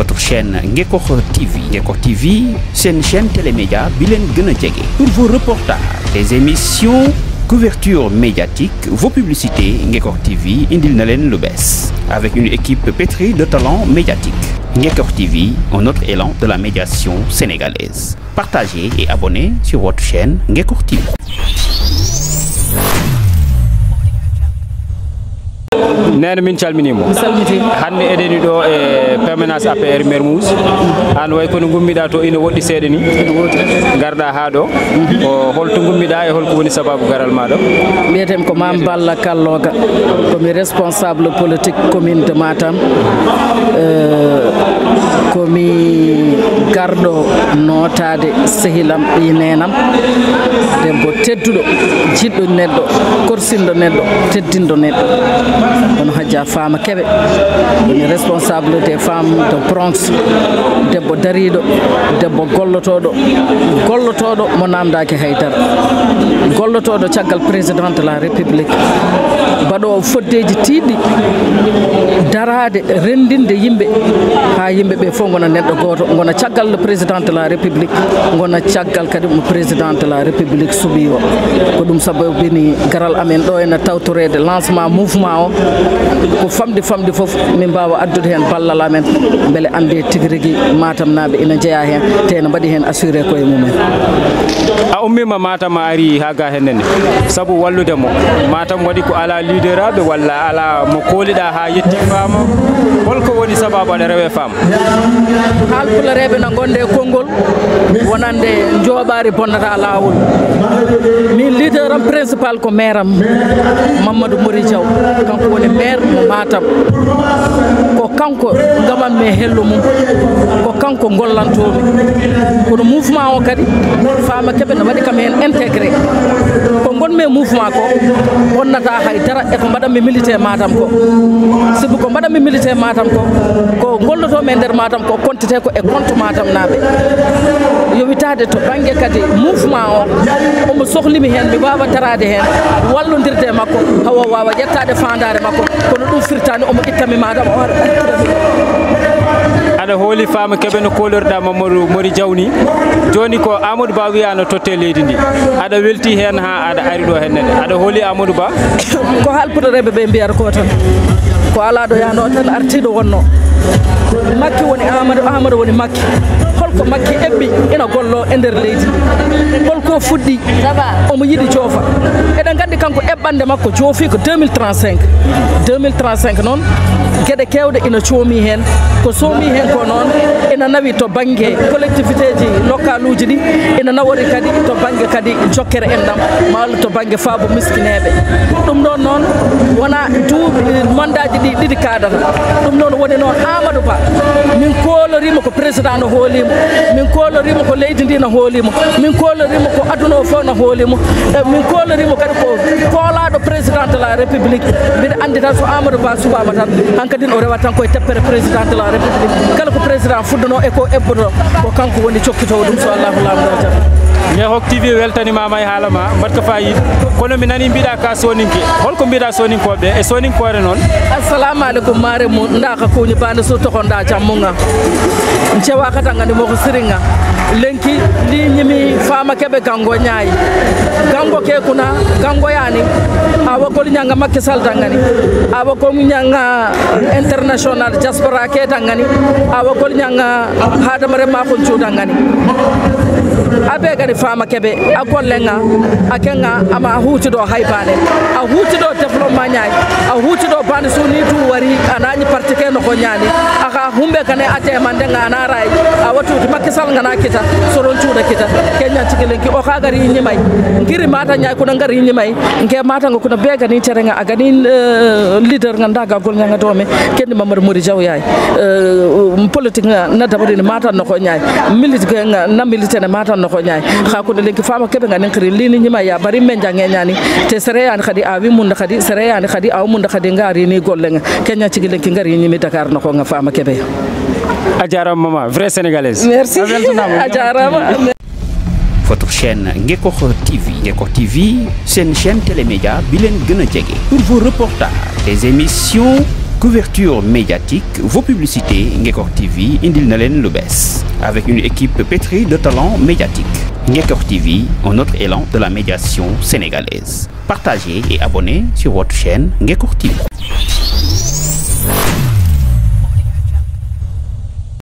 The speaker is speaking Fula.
votre chaîne Ngeko TV. Ngeko TV, c'est une chaîne télémédia bilen Pour vos reportages, les émissions, couverture médiatique, vos publicités, Ngeko TV, Indil Nalen Lubes. Avec une équipe pétrie de talents médiatiques. Ngeko TV, un autre élan de la médiation sénégalaise. Partagez et abonnez sur votre chaîne Ngeko TV. neene min calminiima hannde eɗeni ɗo e permanence apr mermous an way kono gummiɗa to ina woɗɗi seeɗa ni garɗa haa ɗo mhm. o holto gummiɗa e holko woni sababu garal maɗo mbiyetemi ko mam balla kalloga komi responsable politique commune de matam euh, komi garɗo notade sehilam ɗi nenam debbo tedduɗo jiɗɗo neɗɗo korsinɗo neɗɗo teddinɗo neɗɗo femme hajja faama keɓe woni responsabilité femme de bronce debbo dariiɗo debbo gollotooɗo gollotooɗo mo naamdaaki haydara gollotooɗo caggal président de la république mbaɗoo foddeeji tiiɗɗi daraade renndinde yimɓe haa yimɓe ɓee fof ngona neɗɗo gooto ngona caggal le président de la république ngona caggal kadi mo président de la république subii o ko ɗum sabobini garal amen ɗo ene tawtoreede lancement mouvement o ko famde famde foof min mbawa addude hen ballal amen beele ande tigui rigui matam naɓe ina jeeya hen te ne mbaɗi hen assuré koye mumen a ummima matam a ari ha ga hennene saabu walludemo matam waɗi ko ala leader aɓe walla ala mo koliɗa ha yetti fama holko woni sababu aɗa rewe fama haalpula reɓe no gonde konngol wonande jooɓari bonnata lawol min leader am principal ko maire am mamadou mori diaw kanko woni maire maire mo matam ko kanko gamanmi hello mum ko kanko gollantomi kono mouvement o kadi fama keɓe ne waɗi kam hen intégré ko gonmi mouvement ko wonnata haydara eko mbaɗanmi milité matam ko sibu ko mbaɗanmi milité matam ko ko gollotomi e nder matam ko contete ko e compte matam naɓe tawitade to banggue kadi mouvement o omo sohlimi hen mi wawa darade hen wallodirde e makko hawo wawa ƴettade fandare makko kono ɗum firtani omo ittami madam o ara aɗa hooli fama keeɓe no kolorɗa mamadou mori diawni joni ko amadou ba wiya no totte leydi ndi aɗa welti hen ha aɗa ari ɗo hennene aɗa hooli amadou ba ko halpuɗoreɓe ɓe mbiyata ko tan ko ala ɗo yano tan artiɗo wonno makki woni amadou amadou woni makki holko makki eɓɓi ina gollo e nder leydi holko fuɗɗi omo yiɗi joofa eɗen gandi kanko eɓɓande makko joofi ko 2035 2035 noon geɗe kewɗe ina coomi hen ko soomi hen ko noon ina nawi to banggue collectivité ji nokkaluji ɗi ina nawori kadi to banggue kadi jokkere en ɗam mawla to banggue faabo miskineɓe ɗum ɗon noon wona duuɓi mandaji ɗi ɗiɗi kadata ɗum noon woni noon amadou ba min kolorima ko président no hoolimo min kolorima ko leydi ndi no hoolimo min kolorima ko aduna o foo no hoolimo e min kolorima kadi ko koolaɗo président de la république mbiɗa andita so amadou ba subaba tan hankkadi kadin ore watan ko koye teppere président de la republique kala ko president fuddono e ko ebbono ko kanko woni cokkitowo dum so allahu laamu taala ne hok tv weltani ma may halama barka fayid kono mi nani mbida ka soninke holko soninko be e re non assalamu mo nda ka ko ni bande so tokonɗa jammuga cewa kata gandi moko siringa lenki li nyimi fama kebe gango nyai gango ke kuna gango yani awo ko nyanga makke sal tangani awo ko nyanga international diaspora ke dangani awo ko nyanga hadamare ma ko chu a bɛɛ ka ni faama lenga a ama a huuti haibane a huuti dɔ développement ɲaani a huuti bani banisu ni tu wari anani partike no partikɛ nɔgɔ ɲaani a ka hunbɛ ka watu makisal nga n'a kita soron tu da kita kenya tikelen ki o ka gari nyimai ngiri mata nyai ko ngari mai nge mata ngo ko bɛɛ ka ni cɛrɛ nga ni leader nga daga gol ŋa dɔme kendi mamar mori jaw politique na dabari ni mata milit na mata tan noxo ñaay xa kude legi fama keɓe nga nen xiri lini ñima ya bari me njange te sere yani awi munda xadi sere yani xadi munda xadi nga rini gollenga kenya cigi lenki ngari ñimi dakar noxo nga fama keɓe a jarama mama vraie sénégalaise merci a jarama votre chaîne TV. Ngeko TV, c'est une chaîne télémédia bilingue Pour vos reportages, des émissions couverture médiatique vos publicités Ngecor TV indil Nalen le avec une équipe pétrie de talents médiatiques Ngecor TV un autre élan de la médiation sénégalaise partagez et abonnez sur votre chaîne Ngecor TV